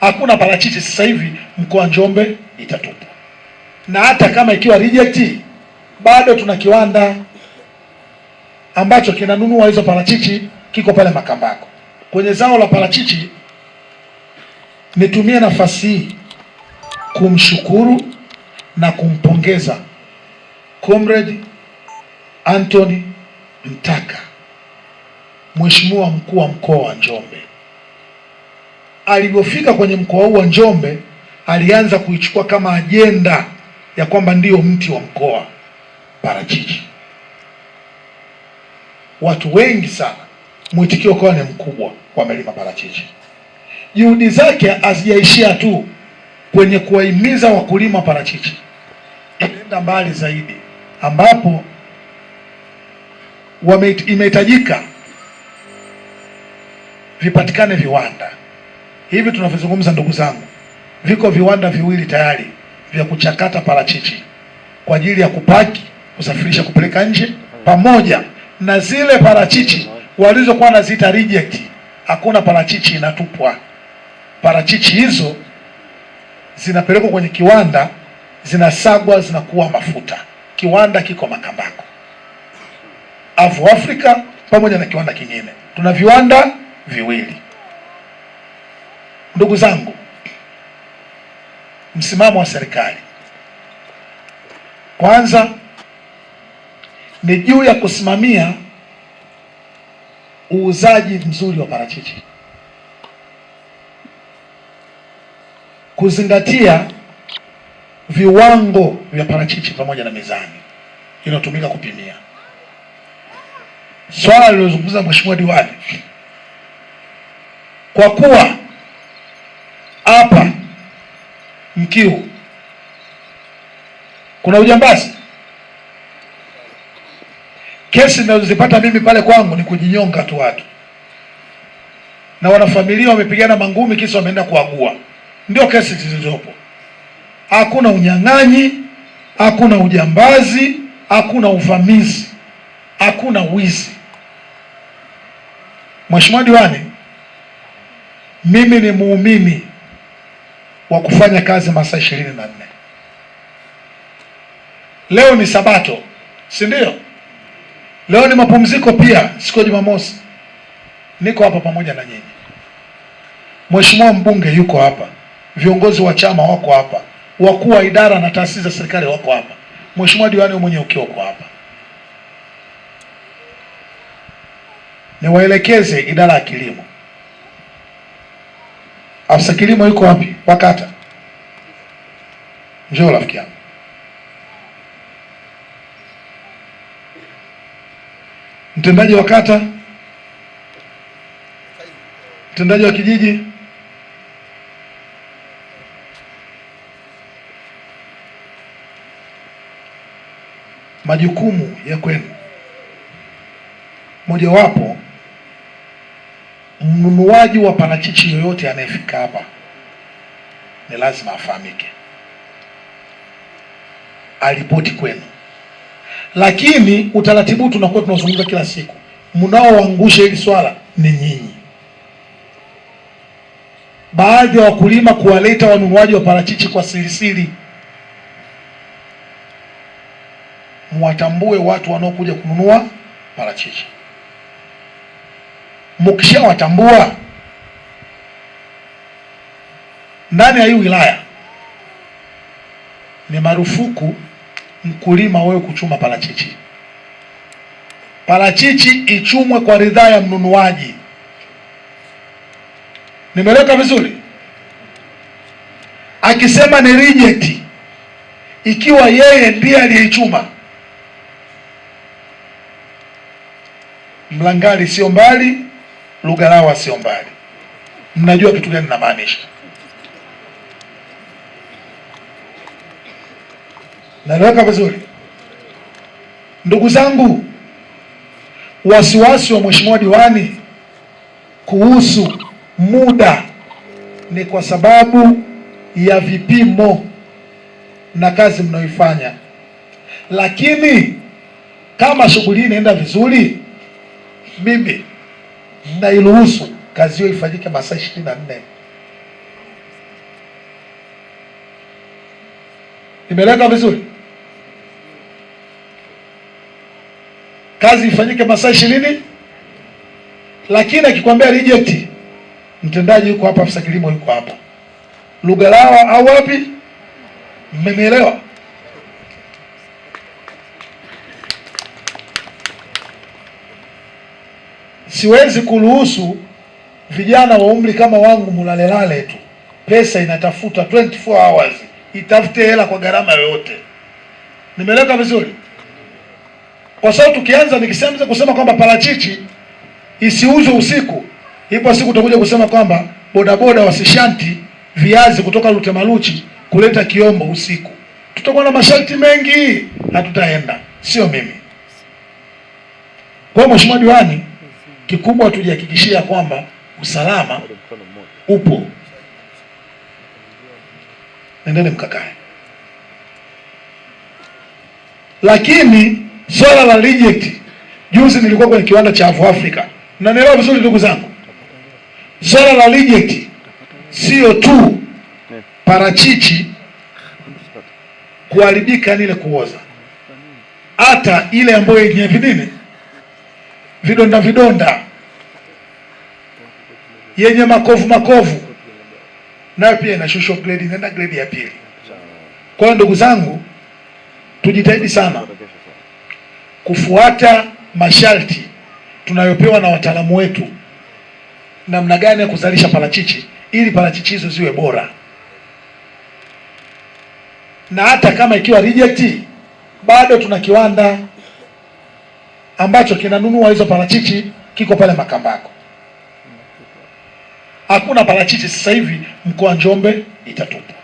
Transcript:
Hakuna parachichi sasa hivi mkoa Njombe itatupwa, na hata kama ikiwa reject, bado tuna kiwanda ambacho kinanunua hizo parachichi, kiko pale Makambako. Kwenye zao la parachichi, nitumie nafasi hii kumshukuru na kumpongeza Comrade Anthony Mtaka, mheshimiwa mkuu wa mkoa wa Njombe alivyofika kwenye mkoa huu wa Njombe alianza kuichukua kama ajenda ya kwamba ndiyo mti wa mkoa parachichi. Watu wengi sana, mwitikio ukawa ni mkubwa, wamelima parachichi. Juhudi zake hazijaishia tu kwenye kuwahimiza wakulima parachichi, imeenda mbali zaidi, ambapo imehitajika vipatikane viwanda Hivi tunavyozungumza, ndugu zangu, viko viwanda viwili tayari vya kuchakata parachichi kwa ajili ya kupaki, kusafirisha, kupeleka nje, pamoja na zile parachichi walizokuwa naziita reject. Hakuna parachichi inatupwa, parachichi hizo zinapelekwa kwenye kiwanda, zinasagwa, zinakuwa mafuta. Kiwanda kiko Makambako, Avu Afrika pamoja na kiwanda kingine. Tuna viwanda viwili. Ndugu zangu, msimamo wa serikali kwanza ni juu ya kusimamia uuzaji mzuri wa parachichi, kuzingatia viwango vya parachichi pamoja na mizani inayotumika kupimia. Swala lilozungumza mheshimiwa diwani, kwa kuwa hapa Mkiu kuna ujambazi. Kesi ninazozipata mimi pale kwangu ni kujinyonga tu watu, na wanafamilia wamepigana mangumi, kisa wameenda kuagua. Ndio kesi zilizopo. Hakuna unyang'anyi, hakuna ujambazi, hakuna uvamizi, hakuna wizi. Mheshimiwa Diwani, mimi ni muumini wa kufanya kazi masaa ishirini na nne. Leo ni Sabato, si ndio? Leo ni mapumziko pia, siku ya Jumamosi. Niko hapa pamoja na nyinyi, mheshimiwa mbunge yuko hapa, viongozi wa chama wako hapa, wakuu wa idara na taasisi za serikali wako hapa, mheshimiwa diwani mwenyewe ukiwa uko hapa. Niwaelekeze idara ya kilimo Afisa kilimo yuko wapi? Wakata njoo rafiki yangu. Mtendaji wa kata, mtendaji wa kijiji, majukumu ya kwenu mojawapo mnunuaji wa parachichi yoyote anayefika hapa ni lazima afahamike, aripoti kwenu. Lakini utaratibu tunakuwa tunazungumza kila siku, mnaoangusha hili swala ni nyinyi, baadhi ya wakulima kuwaleta wanunuaji wa parachichi kwa sirisiri. Mwatambue watu wanaokuja kununua parachichi mkishawatambua ndani ya hii wilaya ni marufuku mkulima wewe kuchuma parachichi. Parachichi ichumwe kwa ridhaa ya mnunuaji. Nimeleka vizuri? Akisema ni reject, ikiwa yeye ndiye aliyeichuma. Mlangali sio mbali lugha lao sio mbali, mnajua kitu gani namaanisha. Naeleweka vizuri, ndugu zangu? Wasiwasi wa mheshimiwa diwani kuhusu muda ni kwa sababu ya vipimo na kazi mnaoifanya, lakini kama shughuli inaenda vizuri, mimi na kazi hiyo ifanyike masaa ishirini na nne. Imeleka vizuri, kazi ifanyike masaa ishirini, lakini akikwambia reject, mtendaji yuko hapa, afisa kilimo yuko hapa, lugha lao au wapi? Mmenielewa? Siwezi kuruhusu vijana wa umri kama wangu mulalelale tu. Pesa inatafuta 24 hours, itafute hela kwa gharama yoyote. Nimeleka vizuri? Kwa sababu tukianza nikisema kusema kwamba parachichi isiuzwe usiku, ipo siku utakuja kusema kwamba bodaboda wasishanti viazi kutoka Lutemaluchi kuleta Kiombo usiku. Tutakuwa na masharti mengi, hatutaenda. Sio mimi. Kwa Mheshimiwa Diwani, Kikubwa tujihakikishia kwamba usalama upo, nendeni mkakae. Lakini swala la reject, juzi nilikuwa kwenye kiwanda cha Avu Africa, mnanielewa vizuri ndugu zangu. Swala la reject sio tu parachichi kuharibika, nile ile kuoza, hata ile ambayo yenye vinini vidonda vidonda yenye makovu makovu, nayo pia inashushwa grade, inaenda grade ya pili. Kwa hiyo ndugu zangu, tujitahidi sana kufuata masharti tunayopewa na wataalamu wetu, namna gani ya kuzalisha parachichi ili parachichi hizo ziwe bora, na hata kama ikiwa reject, bado tuna kiwanda ambacho kinanunua hizo parachichi, kiko pale Makambako. Hakuna parachichi sasa hivi mkoa wa Njombe itatupa.